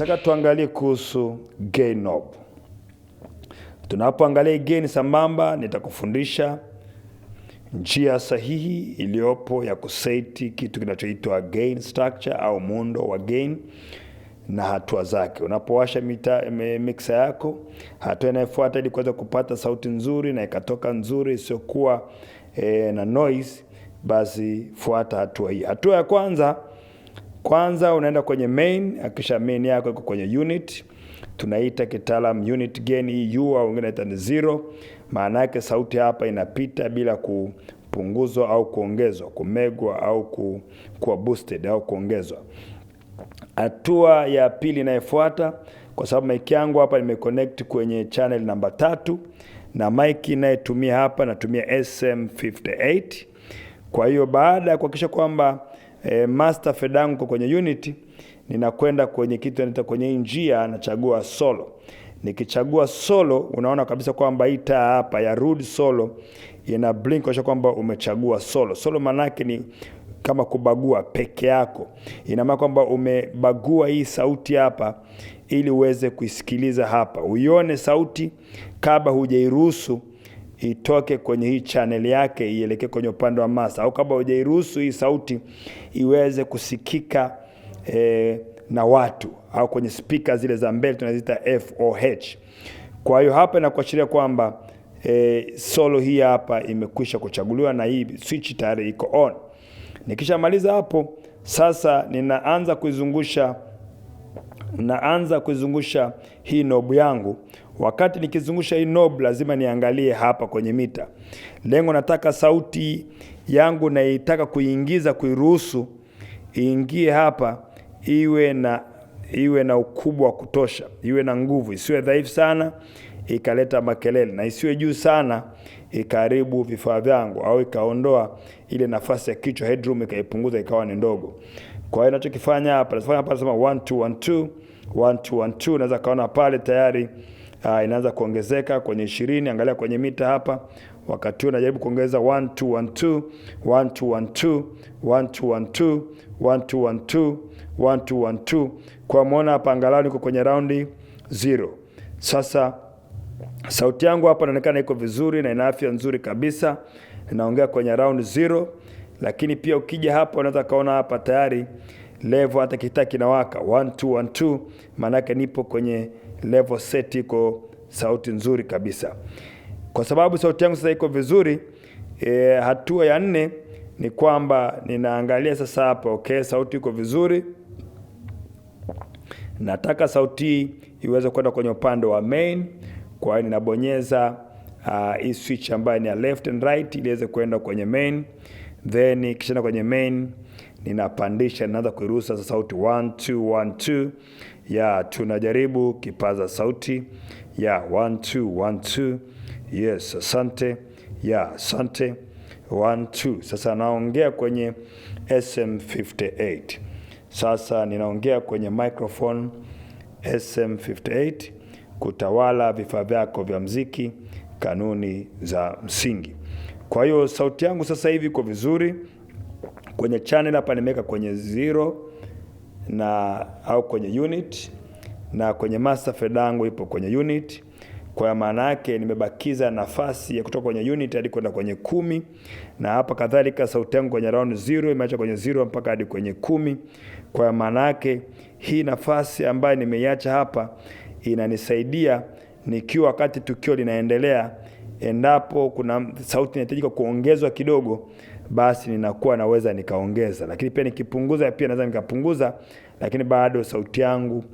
Nataka tuangalie kuhusu gain knob. Tunapoangalia gain sambamba, nitakufundisha njia sahihi iliyopo ya kuseti kitu kinachoitwa gain structure au muundo wa gain na hatua zake. Unapowasha mixa yako, hatua inayofuata ili kuweza kupata sauti nzuri na ikatoka nzuri isiyokuwa e, na noise, basi fuata hatua hii. Hatua ya kwanza kwanza unaenda kwenye main, akisha main yako iko kwenye unit, tunaita kitaalam unit gain EU au wengine ni zero. Maana yake sauti hapa inapita bila kupunguzwa au kuongezwa, kumegwa au ku, kuwa boosted au kuongezwa. Hatua ya pili inayofuata, kwa sababu mic yangu hapa nimeconnect kwenye channel namba tatu na mic inayetumia hapa natumia SM58. Kwa hiyo baada ya kuhakikisha kwamba e, master fedango kwenye Unity, ninakwenda kwenye kitu inaitwa kwenye njia, nachagua solo. Nikichagua solo, unaona kabisa kwamba hii taa hapa ya rude solo ina blink kuonyesha kwamba umechagua solo. Solo maanake ni kama kubagua peke yako, ina maana kwamba umebagua hii sauti hapa ili uweze kuisikiliza hapa, uione sauti kabla hujairuhusu itoke kwenye hii channel yake ielekee kwenye upande wa masa, au kama hujairuhusu hii sauti iweze kusikika e, na watu au kwenye spika zile za mbele tunaziita FOH. Kwa hiyo hapa inakuashiria kwamba e, solo hii hapa imekwisha kuchaguliwa na hii switch tayari iko on. Nikishamaliza hapo sasa, ninaanza kuizungusha naanza kuizungusha hii nobu yangu Wakati nikizungusha hii knob lazima niangalie hapa kwenye mita. Lengo nataka sauti yangu naitaka kuingiza, kuiruhusu iingie hapa, iwe na iwe na ukubwa wa kutosha, iwe na nguvu, isiwe dhaifu sana ikaleta makelele, na isiwe juu sana ikaharibu vifaa vyangu au ikaondoa ile nafasi ya kichwa, headroom ikaipunguza ikawa ni ndogo. Kwa hiyo ninachokifanya hapa, nasema 1 2 1 2 1 2 1 2, naweza kaona pale tayari uh, inaanza kuongezeka kwenye ishirini. Angalia kwenye mita hapa, wakati huu najaribu kuongeza 1 2 1 2 1 2 1 2 1 2 1 2 1 2 1 2 1 2 1 2 kwa muona hapa, angalau niko kwenye raundi zero. Sasa sauti yangu hapa inaonekana iko vizuri na ina afya nzuri kabisa, naongea kwenye raundi zero. Lakini pia ukija hapa unaweza kaona hapa tayari levo hata kitaa kinawaka 1212 maanake nipo kwenye level set iko sauti nzuri kabisa. Kwa sababu sauti yangu sasa iko vizuri e, hatua ya nne ni kwamba ninaangalia sasa hapa okay, sauti iko vizuri. Nataka sauti iweze kwenda kwenye upande wa main, kwa hiyo ninabonyeza hii uh, switch ambayo ni ya left and right ili iweze kwenda kwenye main, then kisha kwenye main ninapandisha, ninaanza kuirusa sauti 1 2 1 2 ya tunajaribu kipaza sauti ya 1 yes, asante ya asante 1 Sasa naongea kwenye SM58, sasa ninaongea kwenye microphone SM58, kutawala vifaa vyako vya mziki, kanuni za msingi. Kwa hiyo sauti yangu sasa hivi iko vizuri kwenye channel hapa, nimeweka kwenye zero na au kwenye unit na kwenye master fed yangu ipo kwenye unit. Kwa maana yake nimebakiza nafasi ya kutoka kwenye unit hadi kwenda kwenye kumi, na hapa kadhalika sauti yangu kwenye round zero imeacha kwenye zero mpaka hadi kwenye kumi. Kwa maana yake hii nafasi ambayo nimeiacha hapa inanisaidia nikiwa wakati tukio linaendelea, endapo kuna sauti inahitajika kuongezwa kidogo basi ninakuwa naweza nikaongeza, lakini pia nikipunguza, pia naweza nikapunguza, lakini bado sauti yangu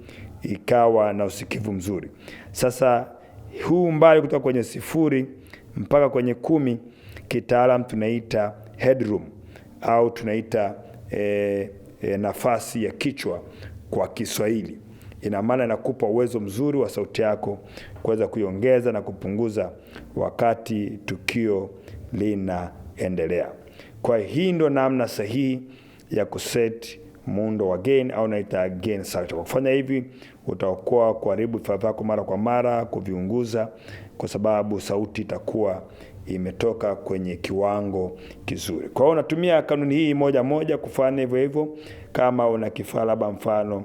ikawa na usikivu mzuri. Sasa huu mbali kutoka kwenye sifuri mpaka kwenye kumi kitaalam tunaita headroom au tunaita e, e, nafasi ya kichwa kwa Kiswahili. Ina maana inakupa uwezo mzuri wa sauti yako kuweza kuiongeza na kupunguza wakati tukio linaendelea. Kwa hii ndo namna sahihi ya kuset muundo wa gain au naita gain structure. Kwa kufanya hivi utaokoa kuharibu vifaa vyako mara kwa mara, kuviunguza, kwa sababu sauti itakuwa imetoka kwenye kiwango kizuri. Kwa hiyo unatumia kanuni hii moja moja kufanya hivyo hivyo. Kama una kifaa labda mfano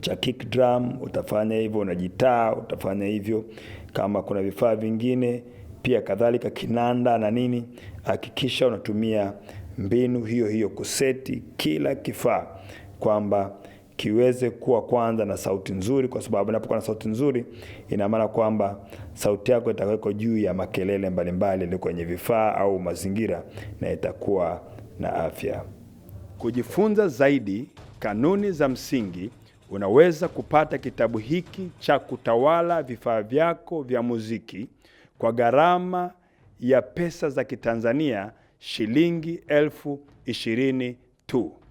cha kick drum utafanya hivyo, una gitaa utafanya hivyo, kama kuna vifaa vingine pia kadhalika kinanda na nini. Hakikisha unatumia mbinu hiyo hiyo kuseti kila kifaa kwamba kiweze kuwa kwanza na sauti nzuri, kwa sababu inapokuwa na sauti nzuri, ina maana kwamba sauti yako itakuwa juu ya makelele mbalimbali yaliyo kwenye vifaa au mazingira, na itakuwa na afya. Kujifunza zaidi kanuni za msingi, unaweza kupata kitabu hiki cha Kutawala Vifaa Vyako vya Muziki kwa gharama ya pesa za Kitanzania shilingi elfu ishirini tu.